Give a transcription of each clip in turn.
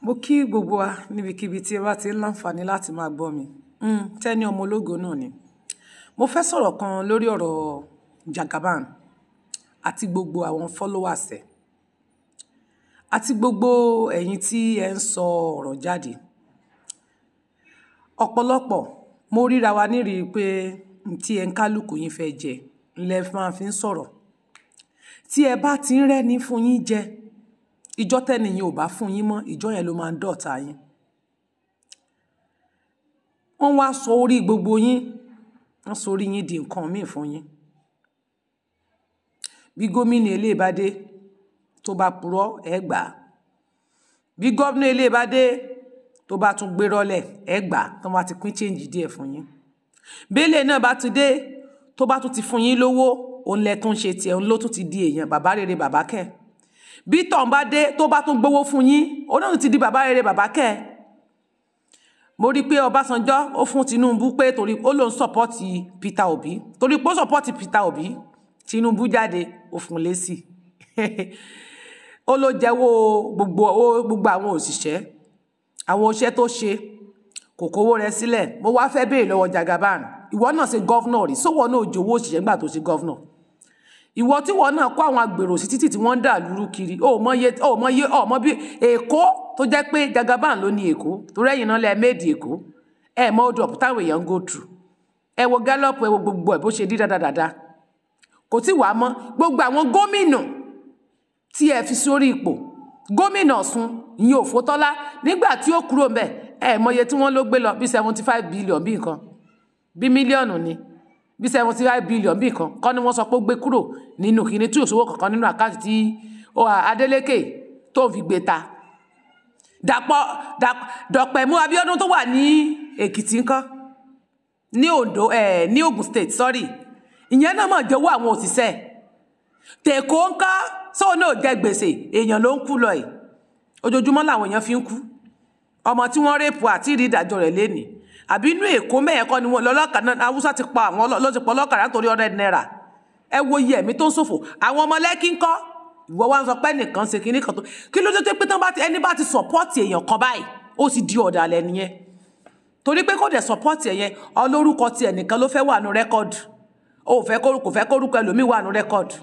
Mo kí gbogbo wa níbikíbi tí ẹ bá ti ń láǹfààní láti máa gbọ́ mi. Hmm, ọmọ ológo náà ni. Mo fẹ́ sọ̀rọ̀ kan lórí ọ̀rọ̀ Jagaban àti gbogbo àwọn followers ẹ̀, àti gbogbo ẹ̀yin tí ẹ ń sọ ọ̀rọ̀ jáde. Ọ̀pọ̀lọpọ̀ mo ríra wa níri pé n tí ẹ ń kálùkù yín fẹ́ jẹ, n lẹ máa fi ń sọ̀rọ̀. Tí ẹ bá ti ń rẹ́ni fún yín jẹ, ìjọ tẹ́ni yín ò bá fún yín mọ́ ìjọ yẹn ló máa ń dọ̀tá yín wọ́n wá sọ orí gbogbo yín wọ́n sọ orí yín di nǹkan míì fún yín bí gómìnà eléèbádé tó bá purọ́ ẹ gbà á bí gómìnà eléèbádé tó bá tún gbé ẹ gbà á tó bá ti pín change díẹ̀ fún yín bẹ́lẹ̀ náà bá ti dé tó bá tún ti fún yín lówó òun lẹ tún ṣe tiẹ̀ òun ló tún ti di èèyàn bàbá rere bàbá kẹ́ẹ̀ bí tọ̀hún bá dé tó bá tún gbowó fún yín oníhùn ti di bàbá rere bàbá kẹ́ ẹ̀ mo rí i pé Ọbásanjọ́ ó fún Tinubu pé torí ó lòun sọ́pọ́ọ̀tì Peter Obi torí pé ó sọ́pọ́ọ̀tì Peter Obi Tinubu jáde ó fún lésì ó ló jẹ́wọ́ gbogbo owó gbogbo àwọn òṣìṣẹ́ àwọn òṣìṣẹ́ tó ṣe kò kówó rẹ̀ sílẹ̀ mo wá fẹ́ béèrè lọ́wọ́ Jagaban ìwọ náà ṣe gọ́vnọ̀ rí sówọ́ náà jowó òṣìṣẹ́ nígbà tó ṣe gọ́vnọ̀ ìwọ tí wọn náà kó àwọn agbèrò sí títì tí wọn ń dà lúrú kiri ó mọ iye ó mọ iye ó mọ bí èkó tó jẹ́ pé jagaban ló ní èkó torí ẹ̀yin náà lẹ méèdì èkó ẹ mọ odò ọpọ táwọn èèyàn ń go through ẹ wo gallop ẹ wo gbogbo ẹ bó ṣe dí dáadáa kò tí wàá mọ gbogbo àwọn gómìnà tí ẹ fi sórí ipò gómìnà Ọ̀ṣun ìyẹn Òfótọ́lá nígbà tí ó kúrò ńbẹ̀ ẹ mọ iye tí wọ́n ló gbé lọ bí seventy five billion bí nǹkan bí mílíọ̀nù ni bí seventy five billion bíi kan kọ́ ni wọ́n sọ pé ó gbé kúrò nínú kíní tí òṣòwò kankan nínú àkáǹtì tí Adeleke tó fi gbé ta dàpọ̀ dọ̀pẹ̀mú Abíọ́dún tó wà ní Èkìtì ńkọ́ ní Ondo ẹ̀ ní Ogun State sorry ìyẹn náà mọ̀ jẹ́wọ́ àwọn òṣìṣẹ́ tèkó ńkọ́ sóun náà jẹ gbèsè èèyàn ló ń kú lọ ẹ̀ ojoojúmọ́ làwọn èèyàn fi ń kú ọmọ tí wọ́n rèpù àti ìrí ìdájọ́ rẹ̀ lénìí àbí inú èkó mẹ́yẹn kọ́ ni wọ́n lọ́lọ́kà náà haúsá ti pa àwọn lọ́ ti pa ọlọ́kàrà nítorí ọ̀rẹ́ náírà ẹ wo iye ẹ̀mí tó ń ṣòfò àwọn ọmọ lẹ́kí ń kọ́ ìwọ wa ń sọ pé nìkan ṣe kinní kan tó kí ló dé tó pé tán bá ti ẹni bá ti sọ̀pọ́ọ̀tì èèyàn kan báyìí ó ti di ọ̀dàlẹ̀ nìyẹn torí pé kò dẹ̀ sọ̀pọ́ọ̀tì ẹ̀ yẹn ọlórúkọ ti ẹnìkan ló fẹ́ wà nù rẹ́kọ̀dù ó fẹ́ kó fẹ́ kórúkọ ẹlòmíì wà nù rẹ́kọ̀dù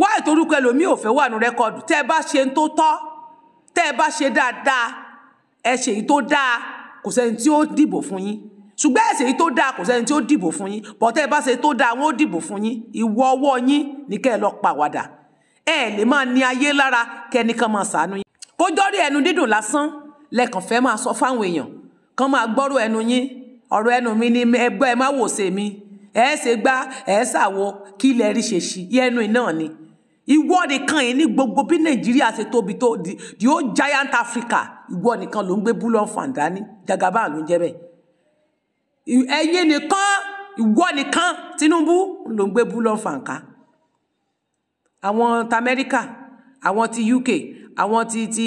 wá ìtorúkọ ẹ ṣe ń tó dáa kò sẹ́ni tí ó dìbò fún yín ṣùgbọ́n ẹ̀sẹ̀ yìí tó dáa kò sẹ́ni tí ó dìbò fún yín bọ́tẹ́ ẹ bá ṣe tó dáa wọn ó dìbò fún yín ìwọ ọwọ́ yín ní kẹ́ ẹ lọ pàwàdà ẹ lè máa ní ayé lára kẹ́nìkan máa ṣàánú yín kó jọ́rí ẹnu dídùn lásán lẹ́kàn fẹ́ máa sọ fáwọn èèyàn kán máa gbọ́rọ̀ ẹnu yín ọ̀rọ̀ ẹnu mi ni ẹgbẹ́ ẹ má wò ṣèmi ẹ ṣe gbá ẹ ṣàwo kí ilẹ̀ rí ṣèṣì yẹnu náà ni ìwọ nìkan yìí ní gbogbo bí nàìjíríà ṣe tóbi tó di ó giant africa ìwọ nìkan ló ń gbé búlọ̀ fàǹdání jagaban ló ń jẹ́ bẹ́ẹ̀ ẹ̀yin nìkan ìwọ nìkan tinubu ló ń gbé búlọ̀ fàǹká àwọn ti amẹ́ríkà àwọn ti uk àwọn ti ti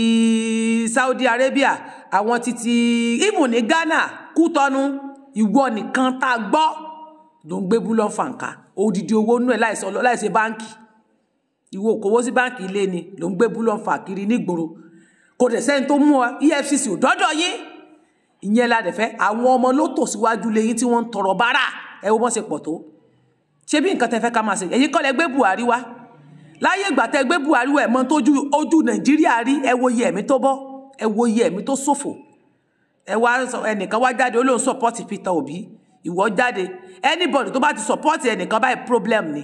saudi arabia àwọn ti ti even ní ghana kútọ́nu ìwọ nìkan tá a gbọ́ ló ń gbé búlọ̀ fàǹká odidi owó nú ẹ̀ láìsọ láìsẹ báńkì ìwọ òkòwò sí báǹkì ilé ni ló ń gbé búlọ̀fà kiri nígboro kò dẹ̀ sẹ́ni tó mú ọ EFCC ò dọ́dọ̀ yín ìyẹn la dẹ̀ fẹ́ àwọn ọmọ ló tò síwájú lẹ́yìn tí wọ́n ń tọrọ bárà ẹ wo bọ́n ṣe pọ̀ tó ṣé bí nǹkan tẹ fẹ́ ká máa ṣe èyí kọ́ lẹ gbé Buhari wá láyé ìgbà tẹ gbé Buhari wá ẹ̀ mọ́ tójú ojú Nàìjíríà rí ẹ wo iye ẹ̀mí tó bọ́ ẹ wo iye ẹ̀mí tó ṣòfò ẹ wá ẹnìkan wá jáde olóhùn support Peter Obi ìwọ jáde anybody tó bá ti support ẹnìkan báyìí problem ni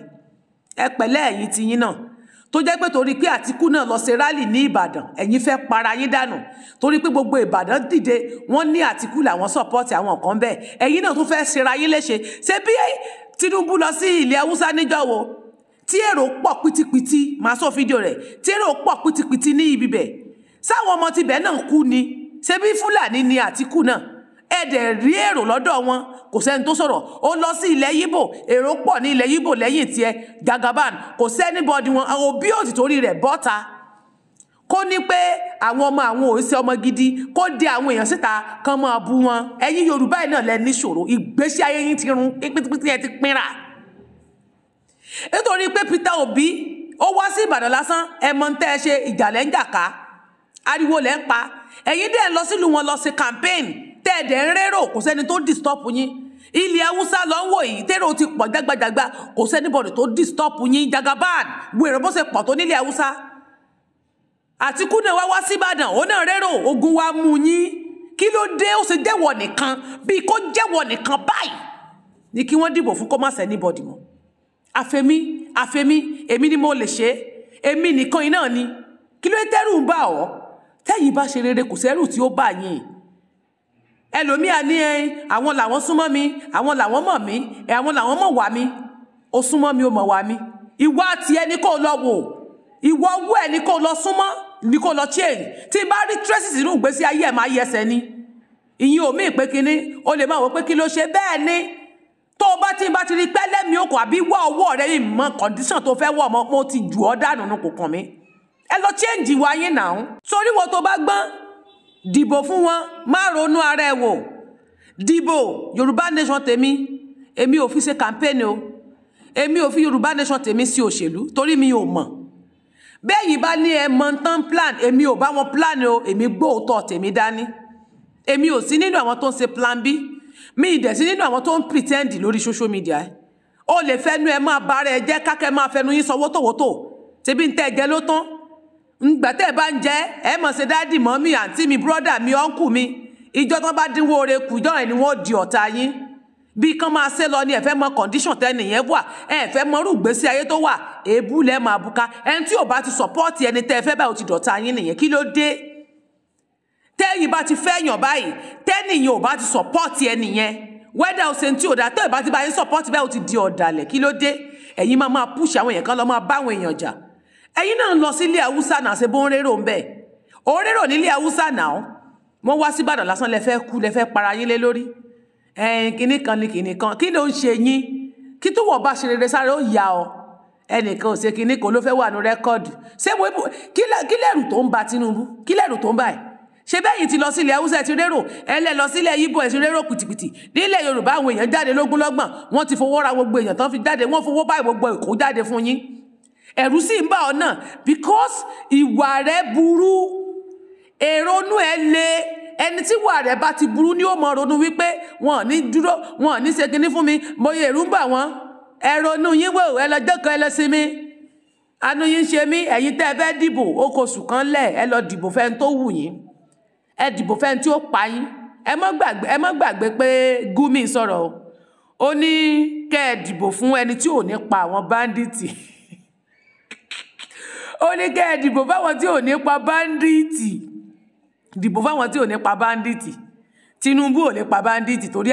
ẹ pẹ̀lẹ́ ẹ̀yìn tiyín náà tó jẹ́ pé torí pé Àtíkù náà lọ ṣe rálì ní Ìbàdàn ẹ̀yin fẹ́ para yín dànù torí pé gbogbo Ìbàdàn dìde wọ́n ní Àtíkù làwọn sọ́pọ́ọ̀tì àwọn kan bẹ́ẹ̀ ẹ̀yin náà tún fẹ́ ṣera yín léṣe ṣé bí Tinubu lọ sí ilẹ̀ Haúsá níjọ́ wo tí èrò pọ̀ pìtìpìtì màá sọ fídíò rẹ̀ tí èrò pọ̀ pìtìpìtì ní ibi bẹ̀ sáwọn ọmọ tibẹ̀ náà kú ni ṣé bí Fúlàní ni Àtíkù náà ẹ̀dẹ̀ rí èrò lọ́dọ̀ wọn kò sẹ́ni tó sọ̀rọ̀ ó lọ sí ilẹ̀ yíbò èrò pọ̀ ní ilẹ̀ yíbò lẹ́yìn tiẹ̀ Jagaban kò sẹ́ni bọ́ọ̀dì wọn àwọn òbí òtì torí rẹ̀ bọ́ta kó ní pé àwọn ọmọ àwọn òun ṣe ọmọ gidi kó de àwọn èèyàn síta kan máa bú wọn ẹ̀yin Yorùbá yìí náà lẹ níṣòro ìgbésí ayé yín ti run pípítí ẹ ti pínra nítorí pé Peter Obi ó wá sí Ìbàdàn lásán ẹ mọ ń tẹ́ ẹ ṣe ìjà lẹ́ ń ariwo lẹ́ ń pa ẹ̀yin dẹ̀ lọ sílùú wọn lọ sí campaign tẹ́ẹ̀dẹ̀ ń rérò kò sẹ́ni tó disturb yín ilẹ̀ haúsá lọ ń wò yìí tẹ́rọ ti pọ̀ jágbajàgba kò sẹ́ni bọ̀dẹ̀ tó disturb yín jagaban wèrè bó ṣe pọ̀ tó nílẹ̀ haúsá àtikú náà wá wá síbàdàn òun náà rérò ogun wa mú yín kí ló dé ó ṣe jẹ́wọ̀ nìkan bíi kó jẹ́wọ̀ nìkan báyìí ni kí wọ́n dìbò fún kó má sẹ́ anybody mọ́ àfẹ́mí àfẹ́mí èmi ni mo lè ṣe èmi nìkan iná ni kí ló tẹ́rù ń bà ọ́ tẹ́yìn bá ṣe rere kò sẹ́rù tí ó bà yín ẹlòmíà ní ẹyin àwọn làwọn súnmọ́ mi àwọn làwọn mọ̀ mí ẹ àwọn làwọn mọ̀ wá mi ó súnmọ́ mi ó mọ̀ wá mi ìwọ àti ẹni kò lọ wò ìwọ owó ẹni kò lọ súnmọ́ ni kò lọ change tí n bá rí traces inú ìgbésí ayé ẹ̀ máa yí ẹsẹ̀ ni ìyín omi ìpè kínní o lè máa wò pé kí ló ṣe bẹ́ẹ̀ ni tó o bá ti bá ti rí pẹ́ lẹ́mìí òkò àbí wọ́ ọwọ́ rẹ yìí mọ condition tó fẹ́ wọ̀ mọ́ mo ti jù ọ́ dànù nù kò kàn mí ẹ lọ change ìwà yín náà torí wo tó bá gbọ́n dìbò fún wọn má ronú ara ẹ wò dìbò yorùbá nation tèmi èmi ò fi ṣe kàmpẹ́ẹ̀nì o èmi ò fi yorùbá nation tèmi sí òṣèlú torí mi ò mọ̀ bẹ́ẹ̀ yìí bá ní ẹ mọ tán plan èmi ò bá wọn plan o èmi gbóòótọ́ tèmi dání èmi ò sí nínú àwọn tó ń ṣe plan b mi ì dẹ̀ sí nínú àwọn tó ń pretend lórí social media ẹ o lè fẹnu ẹ máa bára ẹ jẹ́ kákẹ́ máa fẹnu yín sanwó tòwótò tèmi ń tẹ́ ẹ jẹ́ ló tán ngbàtẹ́ bá ń jẹ́ ẹ mọ̀ ṣe dáàdì mọ́mì àǹtí mi bírọ́dà mi ọ́nkù mi ìjọ tán bá dínwó ore kù ìjọ rẹ̀ ni wọ́n di ọ̀tá yín bí kán máa ṣe lọ ni ẹ mọ condition tẹ́nì yẹn wà ẹ fẹ́ mọ irú ìgbésí ayé tó wà èébú lẹ́ máa buka ẹni tí ò bá ti sọ̀pọ́ọ̀tì ẹni tẹ́ ẹ fẹ́ báyìí ó ti dọ̀tá yín nìyẹn kí ló dé tẹ́yìn bá ti fẹ́ yàn báyìí tẹ́nìyàn ò bá ti sọ̀pọ́ọ̀tì ẹni yẹn wẹ́dà ọ̀sẹ̀ tí ò dá tẹ́yìn bá ti bá yín sọ̀pọ́ọ̀tì báyìí ó ti di ọ̀dàlẹ̀ kí ló dé ẹ̀yin máa máa púṣì àwọn èèyàn kan lọ ẹ̀yin náà lọ sí ilé haúsá náà ṣe bó ń rérò ń bẹ̀ ò ń rérò nílé haúsá náà wọ́n wá síbàdàn lásán lẹ fẹ́ kú lẹ fẹ́ para yín lé lórí ẹ̀yin kìíní kan ni kìíní kan kí ló ń ṣe yín kí tó wọ̀ bá ṣe rere sáré ó yà ọ́ ẹnìkan ò ṣe kìíní kan ló fẹ́ wà ní rẹ́kọ́ọ̀dù ṣé mo kí lẹ́rù tó ń ba Tinubu kí lẹ́rù tó ń ba ẹ̀ ṣe bẹ́yìn ti lọ sílẹ̀ haúsá ẹ ti rérò ẹlẹ́ lọ sílẹ̀ yíbò ẹ ti rérò pìtìpìtì nílẹ̀ yorùbá àwọn èèyàn jáde lógúnlọ́gbọ̀n wọ́n ti fowó ra gbogbo èèyàn tán fi jáde wọ́n fowó báyìí gbogbo èkó jáde fún yín ẹ̀rù sì ń bà ọ́ náà because ìwà rẹ burú èrònú ẹ le ẹni tí ìwà rẹ bá ti burú ni ó mọ ronú wípé wọn ò ní dúró wọn ò ní ṣe kinní fún mi bóyá ẹ̀rù ń bà wọ́n ẹ ronú yín wò ẹ lọ jẹ́kọ̀ọ́ ẹ lọ sinmi anú yín ṣe mí ẹ̀yin tẹ́ ẹ fẹ́ dìbò okòṣù kan lẹ̀ ẹ lọ dìbò fẹ́ni tó wù yín ẹ dìbò fẹ́ni tí ó pa yín ẹ mọ́ gbàgbé ẹ mọ́ gbàgbé pé Gumi sọ̀rọ̀ o ó ní kẹ́ ẹ dìbò fún ẹni tí ò ní pa àwọn báńdíìtì ó ní kẹ́ ẹ dìbò fáwọn tí ò ní pa báńdíìtì dìbò fáwọn tí ò ní pa báńdíìtì Tinubu ò lè pa báńdíìtì torí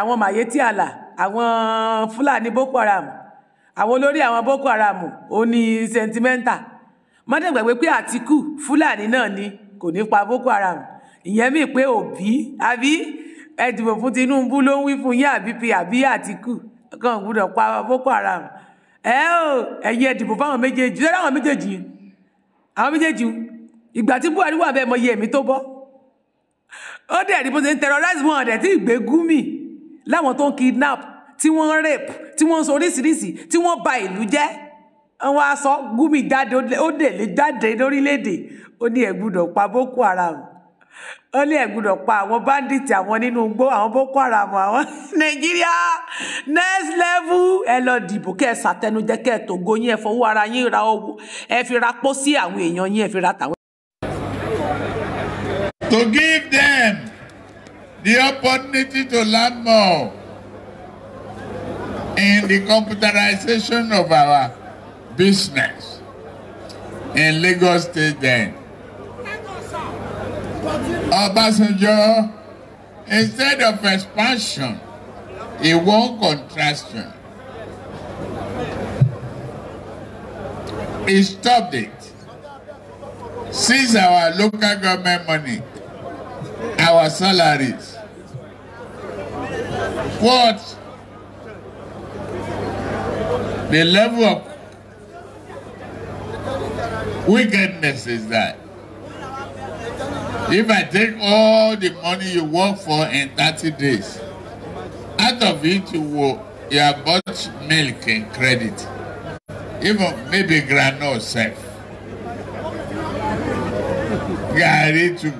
àwọn màyétí àlà àwọn Fúlàní Boko Haram àwọn olórí àwọn Boko Haram ò ní sẹńtímẹ́ǹtà mọ́tẹ́gbàgbé pé Àtìkù Fúlàní náà ni kò ní pa Boko Haram ìyẹn mi pé Òbí àbí ẹ dìbò fún Tinubu ló ń wí fún yín àbí pé àbí Àtìkù kan gbúdọ̀ pa Boko Haram ẹ dìbò fáwọn méjèèjì lọ́dọ̀ àwọn méjèèjì àwọn méjèèjì ìgbà tí Buhari wà bẹ́ẹ̀ mọ ẹ̀mí tó bọ́ ó dẹ̀ ní bó ṣe ń terrorize wọn ọ̀dẹ̀ tí ìgbé gúmi láwọn tó ń kidnap tí wọ́n rape tí wọ́n sọ oríṣiríṣi tí wọ́n ba ìlú jẹ́ wọ́n á sọ gúmi jáde ó dẹ̀ lè jáde lórílẹ̀‐èdè ó ní ẹ pa Boko Haram ó ní ẹ̀gbọ́dọ̀ pa àwọn báńdíìtì àwọn nínú igbó àwọn boko haram àwọn nàìjíríà next level ẹ lọ dìbò kẹ ẹ ṣàtẹnujẹ kẹ ẹ tògo yín ẹ fọwọ́ ara yín ra owó ẹ fi ra pọ́ sí àwọn èèyàn yín ẹ fi ra tàwọn. to give them the opportunity to learn more in the computerization of our business in Lagos State then. Obasanjo, instead of expansion, he won contraction. He stopped it. Since our local government money, our salaries, what the level of wickedness is that? If I take all the money you work for in 30 days, out of it you will you have bought milk and credit, even maybe granola self. Gary too.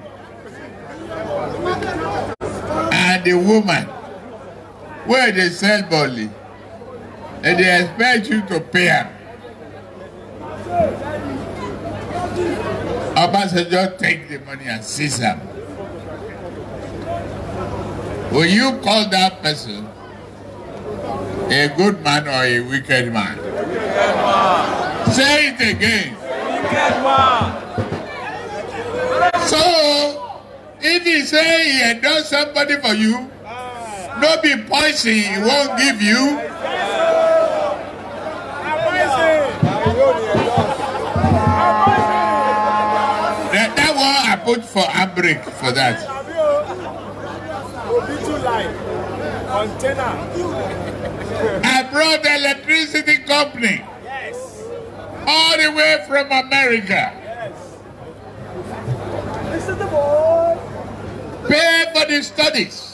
And the woman where they sell barley, and they expect you to pay her. just take the money and seize them. Will you call that person a good man or a wicked man? Wicked Say it again. Wicked man. So, if he say he endorsed somebody for you, no be poison he won't give you, put for Abrik for that. I brought the electricity company yes. all the way from America. This is the boy. Pay for the studies.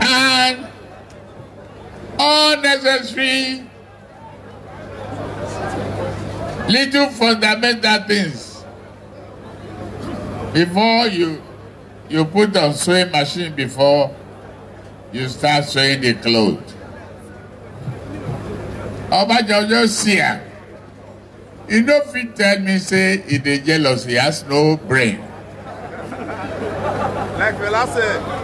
And necessary. little fundamental things before you you put the sewing machine before you start sewing the cloth. Obasanjo see am. You no fit tell me say he dey jealous, he has no brain. Like Fela said.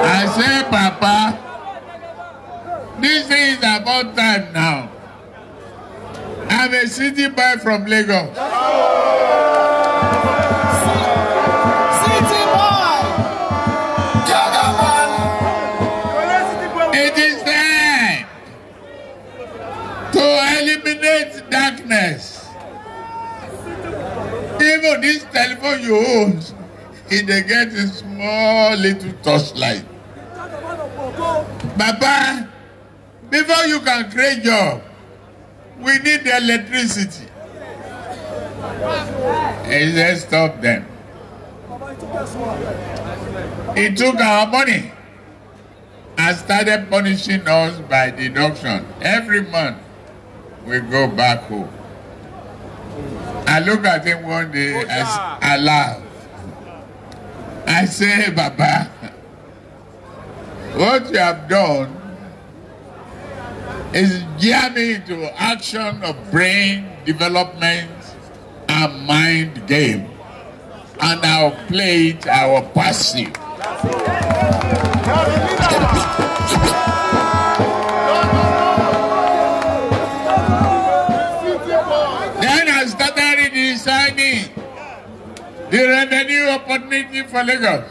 I say, Papa, this thing is about time now. I'm a city boy from Lagos. Oh. he dey get a small little torchlight. Papa. before you can create job, we need the electricity. He said, stop them. He took our money and started punishing us by deduction. Every month, we go back home. I look at him one day as Allah. I say, Baba, what you have done is gear me into action of brain development and mind game. And I'll play it, I will pass it. There are many opportunities for Lagos.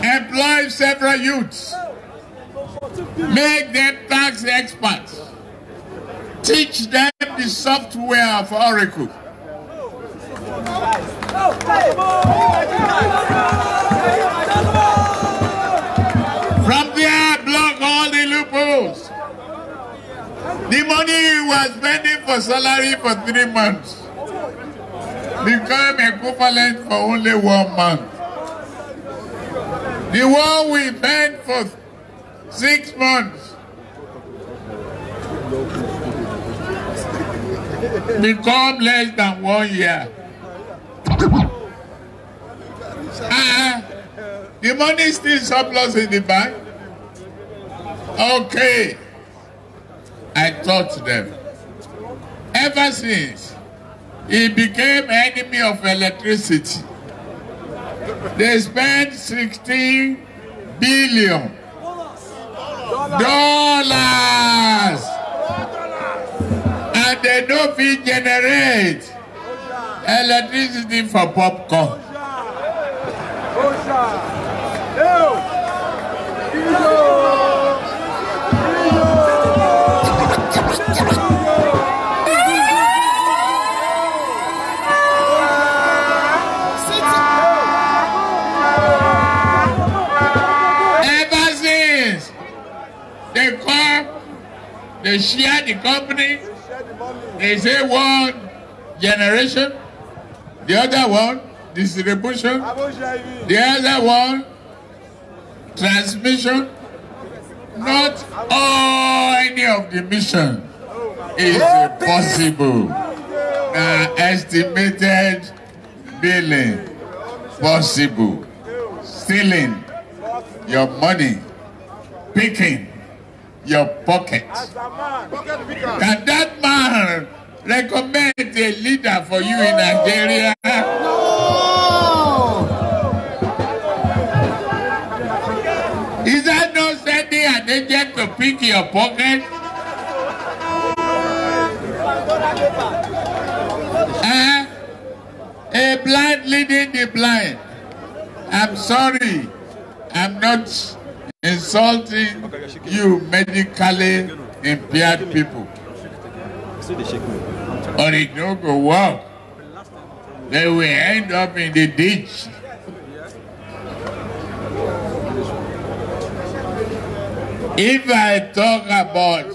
Employ several youths. Make them tax experts. Teach them the software of Oracle. From there, block all the loopholes. The money was spending for salary for three months. become equivalent for only one month. The one we bent for six months become less than one year. Uh, the money still surplus in the bank. Okay. I taught them. Ever since, He became enemy of electricity. They spent 16 billion dollars and they don't fit generate electricity for popcorn. Oja. Oja. Ew. Ew. They share the company. They say one generation, the other one distribution, the other one transmission. Not all any of the mission is possible. Na estimated billing possible. Stealing your money, picking. your pocket. Can that man recommend a leader for you in Nigeria? No. Is that not sending an agent to pick your pocket? Uh, a blind leading the blind. I'm sorry, I'm not insulting you medically impaired people. Or it don't go well. They will end up in the ditch. If I talk about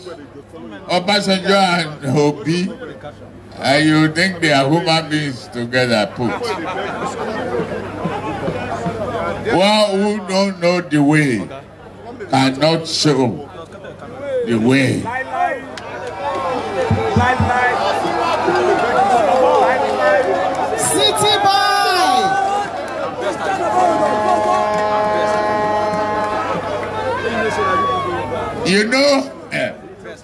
Obasanjo and Obi, uh, you think they are human beings together put. One who don't know the way. Okay and not show the way. City boy. You know, eh,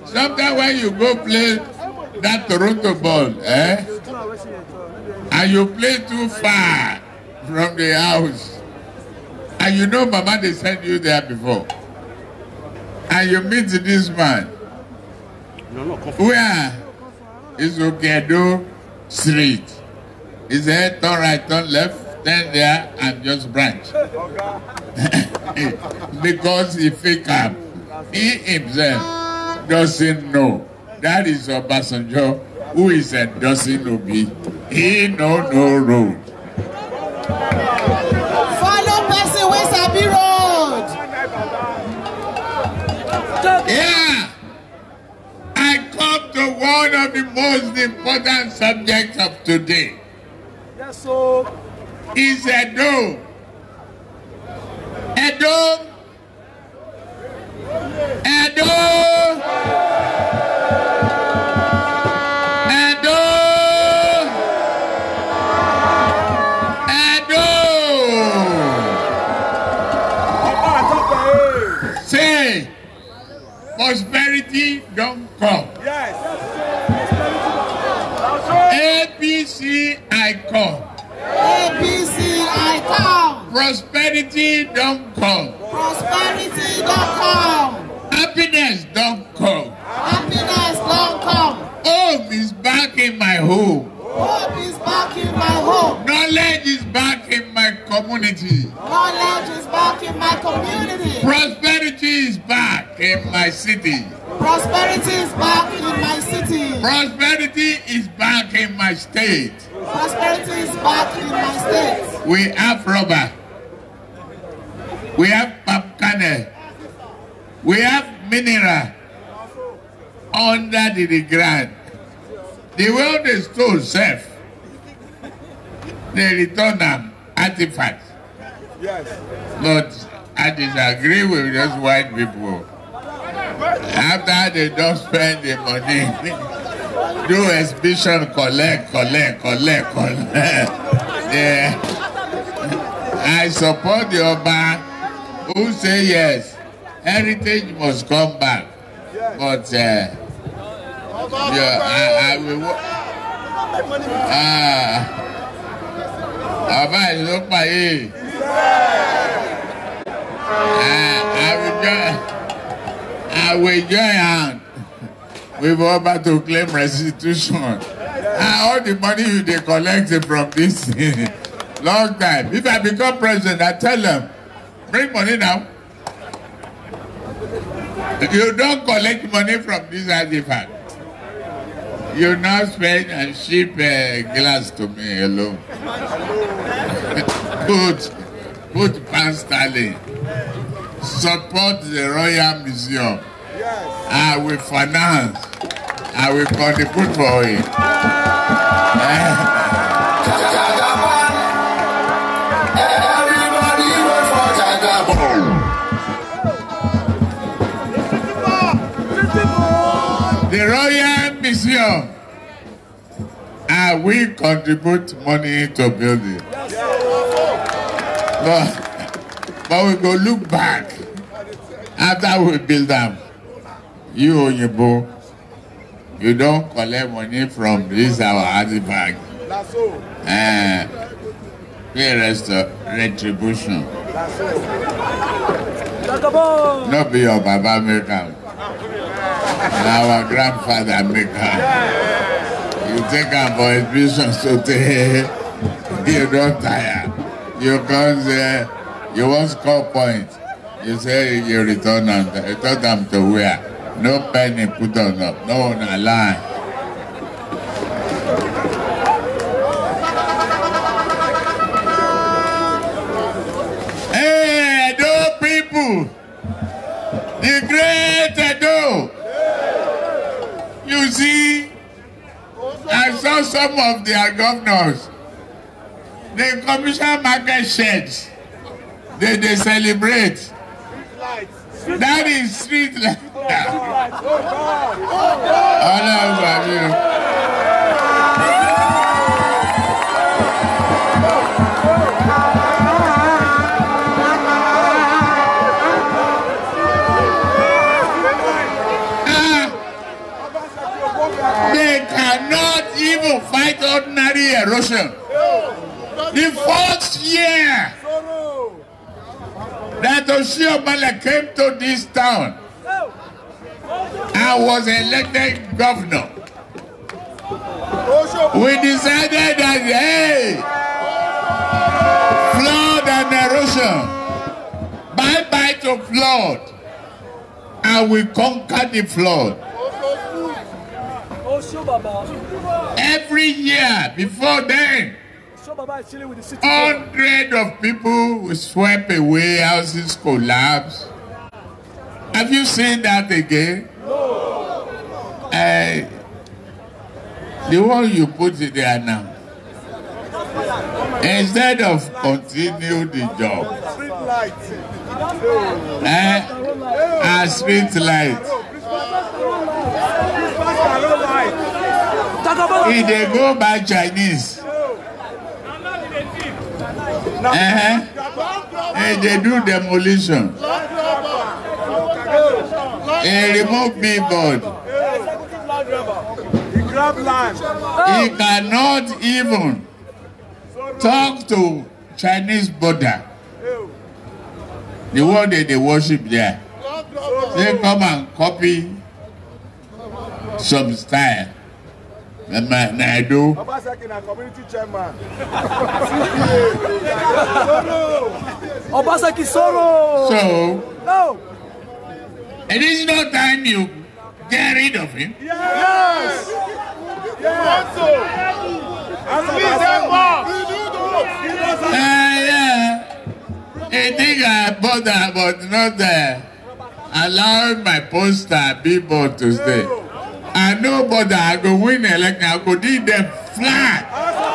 sometimes when you go play that Toronto ball, eh, and you play too far from the house, and you know Mama they sent you there before and you meet this man where is Okedo Street. He said, turn right, turn left, turn there, and just branch. because if he fake He himself doesn't know. That is Obasanjo who is endorsing Obi. He know no road. Yeah. I come to one of the most important subjects of today. Yes, sir. Is a dome. state. Prosperity is back in my state. We have rubber. We have palm kernel. We have mineral under the, the ground. The world is too safe. they return them artifacts. Yes. But I disagree with those white people. After they don't spend the money. do exhibition collect collect collect collect yeah. I support the Oba who say yes heritage must come back but uh, yeah, I, I will. Ah. Uh, Bàbá yìí ló pààyè. Ah, I will join, I will join We've all about to claim restitution. Ah, all the money you dey collect from this long time. If I become president, I tell them, bring money now. You don't collect money from this artifact. You now spend and ship a uh, glass to me alone. put, put Pastor Support the Royal Museum. Yes. I will finance I will contribute for it. the Royal Museum, I will contribute money to build it. But, but we go look back after we build them. You, and your boy you don't collect money from this our hard bank uh, pay rest retribution Not be your baba make our grandfather make you take am for exhibition so tey you don't tire you come say you want score points. you say you return am return them to where. No penny put on up. No, not lie. Hey, Edo people, the great Edo. You see, I saw some of their governors. They commission market sheds. They, they celebrate. That is street ah. They cannot even fight ordinary erosion. The fourth year. that Oshiomhole came to this town and was elected governor. We decided that, hey, flood and erosion, bye-bye to flood, and we conquered the flood. Every year before then, Hundreds of people were swept away, houses collapsed. Have you seen that again? No. Uh, the one you put there now. Instead of continue the job, uh, eh, a street light. If they go by Chinese, Uh-huh. And they do demolition. He remove billboard. He grab land. He cannot even talk to Chinese border. The one that they worship there. They come and copy some style. Mama Naidu. Obaseki na community chairman. Obaseki Soro. So. No. It is no time you get rid of him. Yes. Yes. yes. So. And please Uh, yeah. I think I bother, but not uh, allowing my poster people to stay. I know but I go win election, I go give them flag.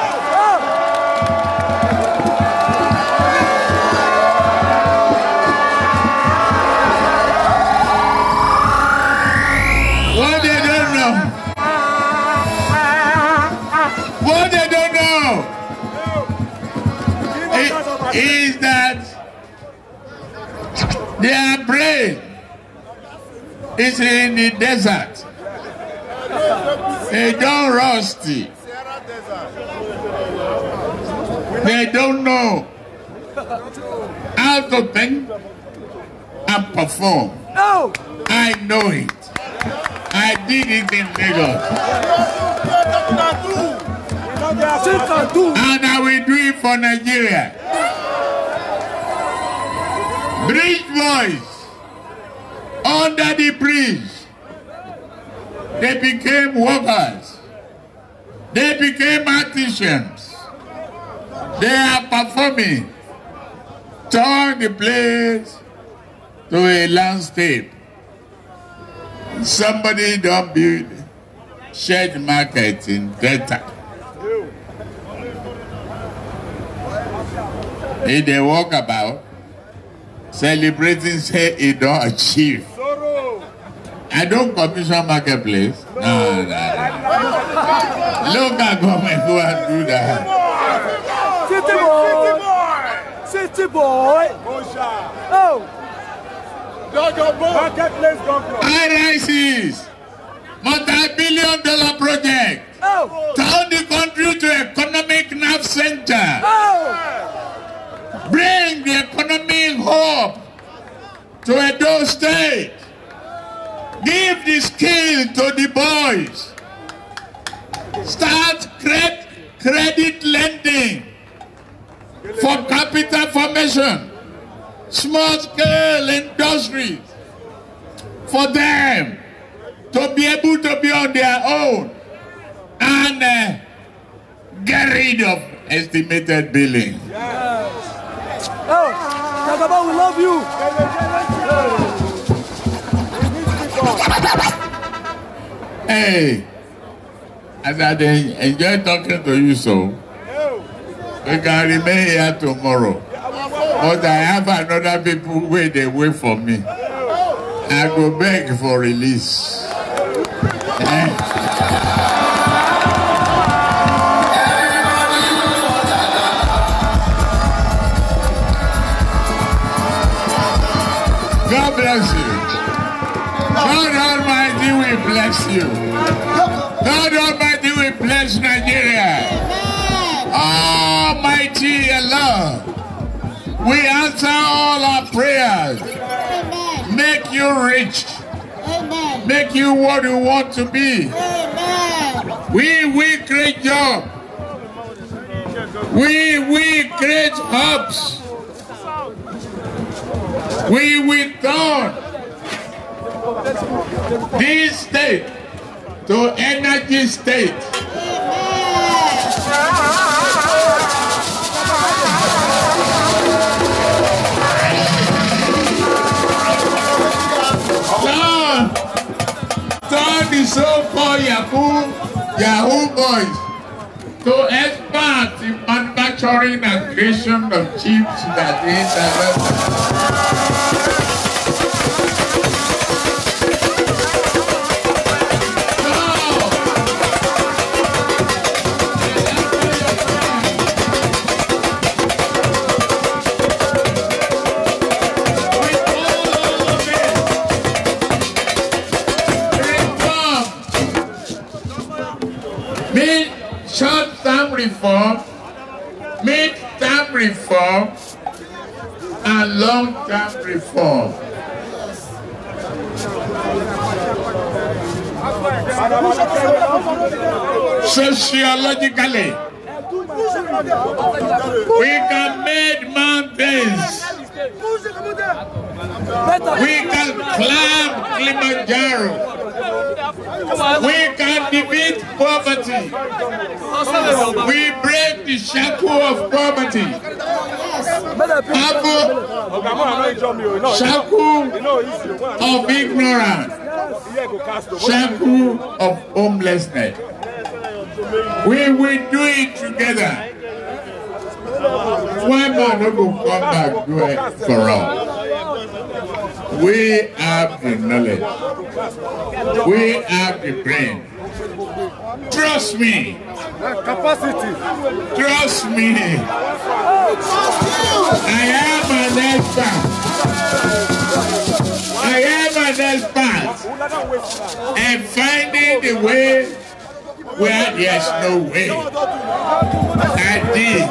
is that their brain is in the desert. They don't rusty. They don't know how to think and perform. No! I know it. I did it in Lagos. And I will do it for Nigeria. Bridge boys under the bridge. They became workers. They became artisans. They are performing. Turn the place to a landscape. Somebody don't build shared market in Delta. If they walk about celebrating say it don't achieve. I don't commission marketplace. No, no, no. Local government go and do that. City boy. City boy. Oh. Marketplace government. IRICs. Multi-billion dollar project. Oh. Turn the country to economic nerve center. Oh. Bring the economic hope to a Edo State. Give the skill to the boys. Start credit, credit lending for capital formation, small scale industries for them to be able to be on their own and uh, get rid of estimated billing. Yes. Oh, Jagaba, we love you. Hey, as I enjoy talking to you, so we can remain here tomorrow. But I have another people wait they wait for me. I go beg for release. Eh? God bless you. God Almighty will bless you. God Almighty will bless Nigeria. Almighty Allah, we answer all our prayers. Make you rich. Make you what you want to be. We will create jobs. We will create hubs. We will turn this state to energy state. Now, turn the so-called Yahoo, Yahoo boys to expand the manufacturing and creation of chips that is reform, mid-term reform, and long-term reform. Sociologically, we can make mountains. We can climb Kilimanjaro. We can defeat poverty. We break the shackle of poverty. Shackle, of ignorance. Shackle of homelessness. We will do it together. Why man no come back do it for all? We have the knowledge. We have the brain. Trust me. Capacity. Trust me. I am an expert. I am an expert. And finding the way where there's no way. I did.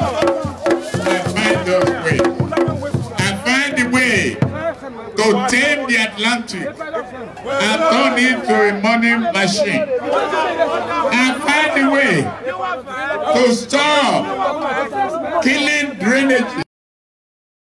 I find those way. I find the way to tame the Atlantic and turn it to a money machine and find a way to stop killing drainage.